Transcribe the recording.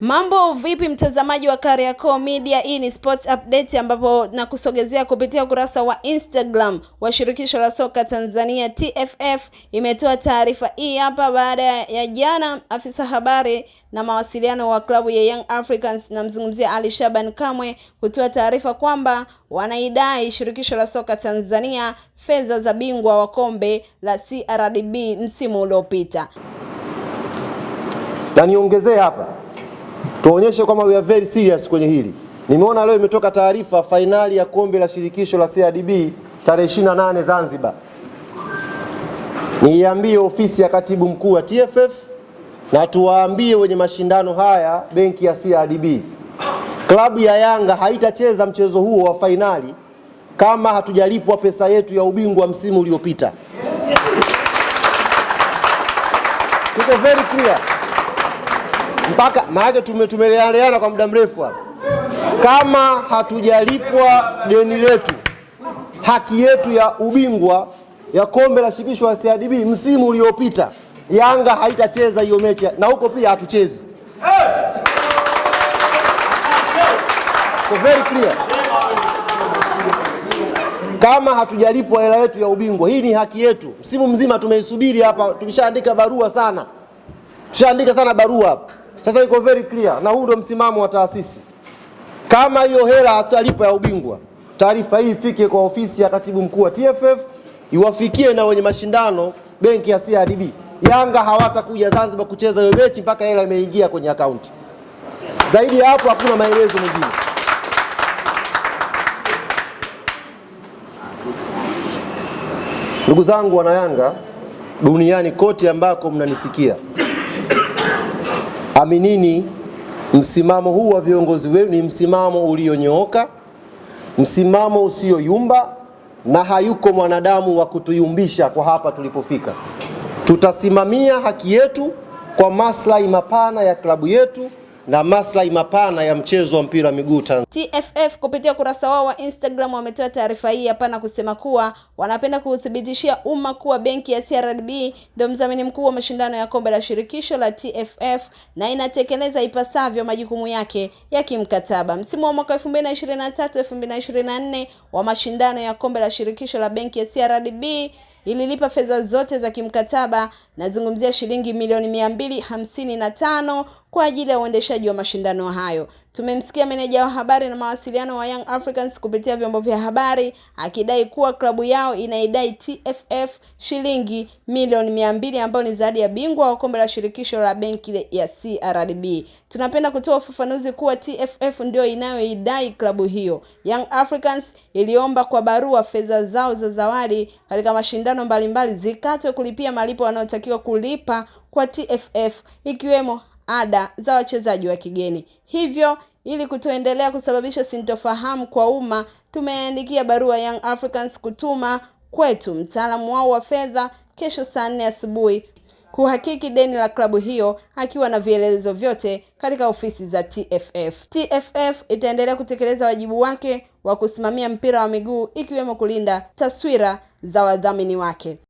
Mambo vipi, mtazamaji wa Kariakoo Media? Hii ni sports update, ambapo nakusogezea kupitia ukurasa wa Instagram wa shirikisho la soka Tanzania TFF imetoa taarifa hii hapa. Baada ya jana, afisa habari na mawasiliano wa klabu ya Young Africans, namzungumzia Ali Shaban Kamwe, kutoa taarifa kwamba wanaidai shirikisho la soka Tanzania fedha za bingwa wa kombe la CRDB msimu uliopita, na niongezee hapa tuonyeshe kwamba we are very serious kwenye hili. Nimeona leo imetoka taarifa fainali ya kombe la shirikisho la CRDB tarehe 28 Zanzibar. Niiambie ofisi ya katibu mkuu wa TFF na tuwaambie wenye mashindano haya, benki ya CRDB, klabu ya Yanga haitacheza mchezo huo wa fainali kama hatujalipwa pesa yetu ya ubingwa msimu uliopita. Tuko very clear mpaka maana tumetumeleana kwa muda mrefu hapa. Kama hatujalipwa deni letu, haki yetu ya ubingwa ya kombe la shirikisho la CRDB msimu uliopita, Yanga haitacheza hiyo mechi na huko pia hatuchezi. So very clear. Kama hatujalipwa hela yetu ya ubingwa, hii ni haki yetu. Msimu mzima tumeisubiri hapa, tumeshaandika barua sana, tumeshaandika sana barua hapa. Sasa iko very clear, na huu ndo msimamo wa taasisi. Kama hiyo hela atalipa ya ubingwa, taarifa hii ifike kwa ofisi ya katibu mkuu wa TFF, iwafikie na wenye mashindano benki ya CRDB. Yanga hawatakuja Zanzibar kucheza hiyo mechi mpaka hela imeingia kwenye akaunti. Zaidi ya hapo hakuna maelezo mengine. Ndugu zangu wana Yanga duniani kote ambako mnanisikia Aminini, msimamo huu wa viongozi wenu ni msimamo ulionyooka, msimamo usioyumba, na hayuko mwanadamu wa kutuyumbisha kwa hapa tulipofika. Tutasimamia haki yetu kwa maslahi mapana ya klabu yetu na maslahi mapana ya mchezo wa mpira wa miguu Tanzania. TFF kupitia ukurasa wao wa Instagram wametoa taarifa hii hapana kusema kuwa wanapenda kuuthibitishia umma kuwa benki ya CRDB ndio mdhamini mkuu wa mashindano ya kombe la shirikisho la TFF na inatekeleza ipasavyo majukumu yake ya kimkataba. Msimu wa mwaka 2023 2024 wa mashindano ya kombe la shirikisho la benki ya CRDB ililipa fedha zote za kimkataba, nazungumzia shilingi milioni mia mbili hamsini na tano kwa ajili ya uendeshaji wa mashindano hayo. Tumemsikia meneja wa habari na mawasiliano wa Young Africans kupitia vyombo vya habari akidai kuwa klabu yao inaidai TFF shilingi milioni mia mbili ambayo ni zaidi ya bingwa wa kombe la shirikisho la benki ya CRDB. Tunapenda kutoa ufafanuzi kuwa TFF ndio inayoidai klabu hiyo. Young Africans iliomba kwa barua fedha zao za zawadi katika mashindano mbalimbali zikatwe kulipia malipo wanayotakiwa kulipa kwa TFF ikiwemo ada za wachezaji wa kigeni. Hivyo, ili kutoendelea kusababisha sintofahamu kwa umma, tumeandikia barua Young Africans kutuma kwetu mtaalamu wao wa fedha kesho saa nne asubuhi kuhakiki deni la klabu hiyo akiwa na vielelezo vyote katika ofisi za TFF. TFF itaendelea kutekeleza wajibu wake wa kusimamia mpira wa miguu ikiwemo kulinda taswira za wadhamini wake.